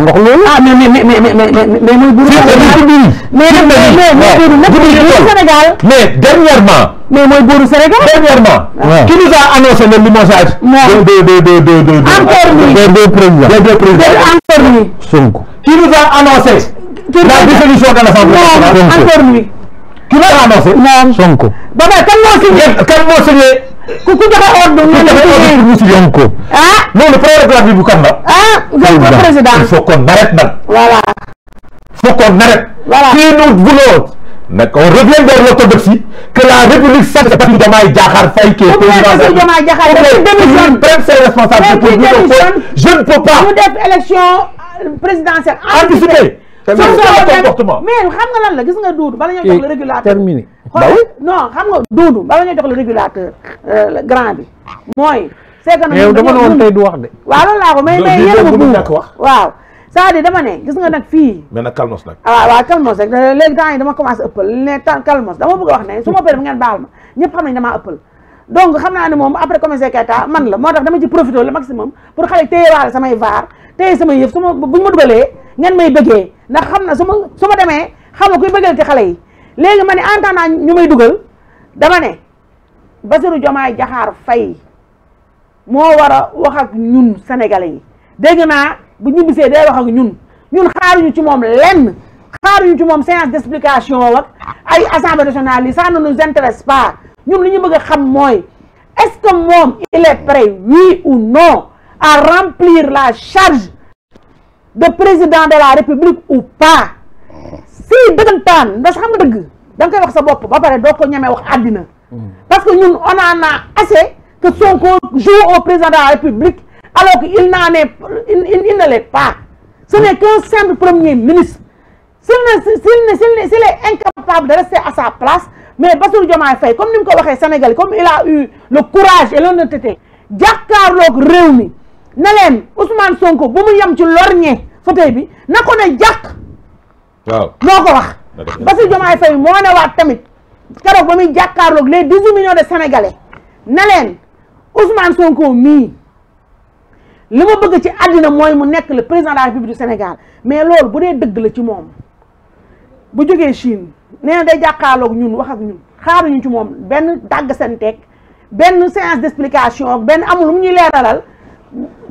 nga wax loolu. ah mais mais mais mais mais mooy buuru Sénégal mais mais dernièrement. mais mooy buuru Sénégal. dernièrement. Ah. qui nous a annoncé le limogeage. de de de de de de président. Sonko. qui nous a annoncé. la dissolution de l'Assemblée nationale. encore lui. qui nous a annoncé. Sonko. ba pare kan moo signé kan moo signé ku ku joxe ordre ñu ne ñu wuti leen ko ah loolu frère de la bi bu kan la ah le président il faut qu'on arrête nag voilà il faut qu'on arrête voilà si nous voulons nag on revient vers l'orthodoxie que république saxe parce que Diomaye Diakhar Faye qui est président je ne peux pas ñu def euh, comportement mais xam nga lan la gis nga duudu bala ñoo jox la eh, régulateur terminé non xam nga duudu bala ñoo jox la régulateur euh, grand bi mooy c'est que yow dama ne wax de waaw loolu laa ko mais mais yéen a ma wax ne fii mais a wax ne su ma pare bu ngeen baal ma ñëpp xam nañ damaa ëppal donc xam naa ne moom après commencé Keita man la moo tax dama ci profité le maximum pour xale téye waale samay vaar téye samay yëf su ma buñu ma dugalee ngeen may bëggee ndax xam na su ma su ma demee xam nga kuy bëggal ci xale yi léegi ma ni en ñu may dugal dama ne Bassirou Diomaye jaxaar fay moo war a wax ak ñun sénégalais yi dégg naa bu ñibbisee day wax ak ñun ñun xaaruñu ci moom lenn xaaruñu ci moom séance d'explication wax ay assemblée nationale yi ça ne nous intéresse pas ñun li ñu bëgg a xam mooy est-ce que moom il est prêt oui ou non à remplir la charge de président de la république ou pas si dëggantaan dans xam nga de da koy wax sa ba parce que nous on en a assez que son joue au président de la république alors qu'il n'en est il ne l'est pas ce n'est qu'un simple premier ministre s'il ne s'il ne est incapable de rester à sa place mais parce Diomaye Faye comme ni Sénégal comme il a eu le courage et l'honnêteté Diakar l'a réuni na leen Ousmane Sonko bu mu yem ci lorñe fauteuil bi na ko ne jàq waaw moo ko wax Bassirou Diomaye Faye moo ne waat tamit keroog ba muy jàkkaarloog les dix-huit millions de sénégalais na leen Ousmane Sonko mii li ma bëgg ci àddina mooy mu nekk le président de la du Sénégal mais loolu bu dee dëgg la ci moom bu jógee Chine nee day jàkkaarloog ñun wax ak ñun xaaruñu ci moom benn dàgg seen teg benn séance d'explication benn amul lu mu ñuy leeralal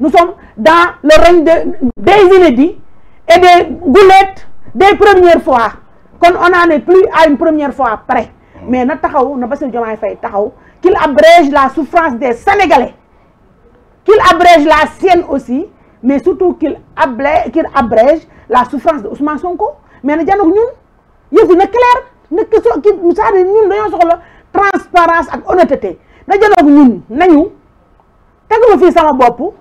Nous sommes dans le règne des inédits et des goulettes des premières fois. Quand on n'en est plus à une première fois après. Ah. Mais nous avons qu'il abrège la souffrance des Sénégalais, qu'il abrège la sienne aussi, mais surtout qu'il abrège, abrège, la souffrance de Ousmane Sonko. Mais nous avons dit que nous clairs, nous avons la transparence et honnêteté. Nous avons dit que nous avons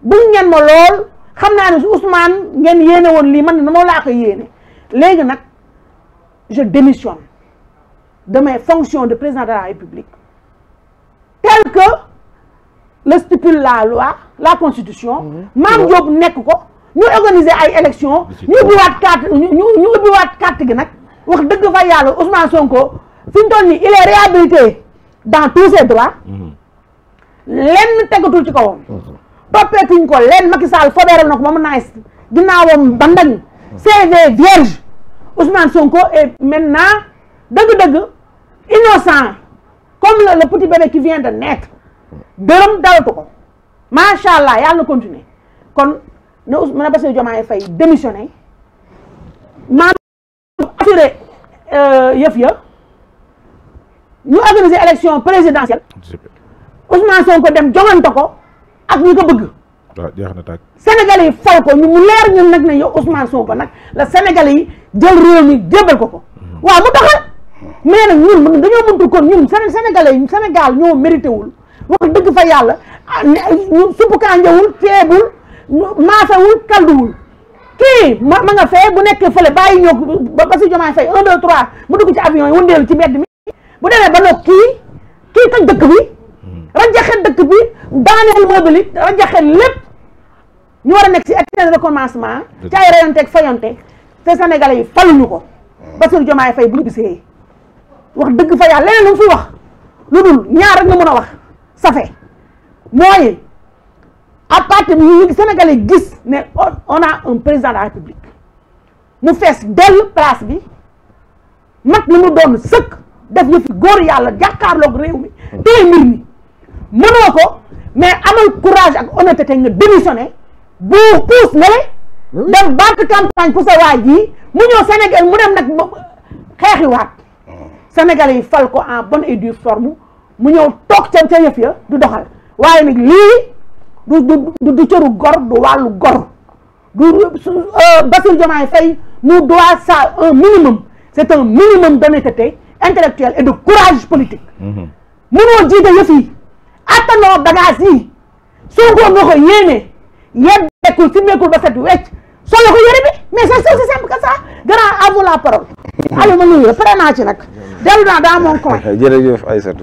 bëgg ngeen ma lool xam naa ne su Ousmane ngeen yéene woon lii man na moo laa ko je démissionne de mes fonctions de président de la République tel que le stipule la loi la constitution mhm. mam Diop nek ko ñu organiser ay élections ñu ubbiwaat carte ñu ñu ubbiwaat carte gi nag wax dëgg fa yàlla Ousmane Sonko fi mu ni il est réhabilité dans tous ses droits mhm. lenn tegatul ci kawam mhm. toppeetuñ ko leen Macky Sall fobeeral na ko ba mu nice ginnaawam ba ndañ CV vierge Ousmane Sonko est dëgg-dëgg innocent comme le, le petit bébé qui vient dërëm dalatu ko macha allah yàlla continuer kon na Ousmane na Bassirou Diomaye Faye démissionné assuré euh, yëf ya ñu organiser élection présidentielle Ousmane Sonko dem jongante ko ak ñi ko bëgg. waaw yi fal ko ñu mu leer ñun nag ne yow Ousmane Sonko nag la Sénégalais yi jël réew mi jébbal ko ko. Hmm. waaw mu taxal mais nag ñun dañoo mëntu kon ñun Sénégalais yi Sénégal ñoo mérité wul wax dëgg fa yàlla ah, ñu suppu kanjawul feebul maasawul kalduwul. kii ma ma nga fee bu nekkee fële bàyyi ñoo ba ba si jomaay fay un deux trois mu dugg ci avion yi wëndeelu ci mbedd mi bu demee ba noog kii kii toj dëkk bi. rajaxe dëkk bi daaneel meuble it lépp ñu war a nekk si acte de commencement ci ay rayonte ak fayonte te sénégalais yi faluñu ko Bassirou Diomaye Faye bu ñu gisee wax dëgg fa yàlla leneen lu mu fi wax lu dul ñaar rek nga mën a wax safe mooy à partir ñu sénégalais gis ne on a un président de la république mu fees dell place bi mag li mu doon sëkk def yëfi góor yàlla jàkkaarloog réew mi tey mbir mi mënoo ko mais amal courage ak honnêteté nga démissionné bu puus nale dem battre campagne pour sa waaj yi mu ñëw Sénégal mu dem nag xeexi waat Sénégalais yi fal ko en bonne et forme mu ñëw toog ca ca yëf ya du doxal waaye nag lii du du du cëru gor du wàllu gor du euh, Bassirou Diomaye Faye nous doit ça un minimum c'est un minimum d'honnêteté intellectuelle et de courage politique mënoo mm-hmm. jiite yëf yi attanoo bagage yi Sonko nga ko yéene yebbekul si meekul ba set solo ko yëre bi mais c'est aussi simple que ça grand à vous la parole. ma nuyu la pare naa ci nag dellu naa dans mon coin. jërëjëf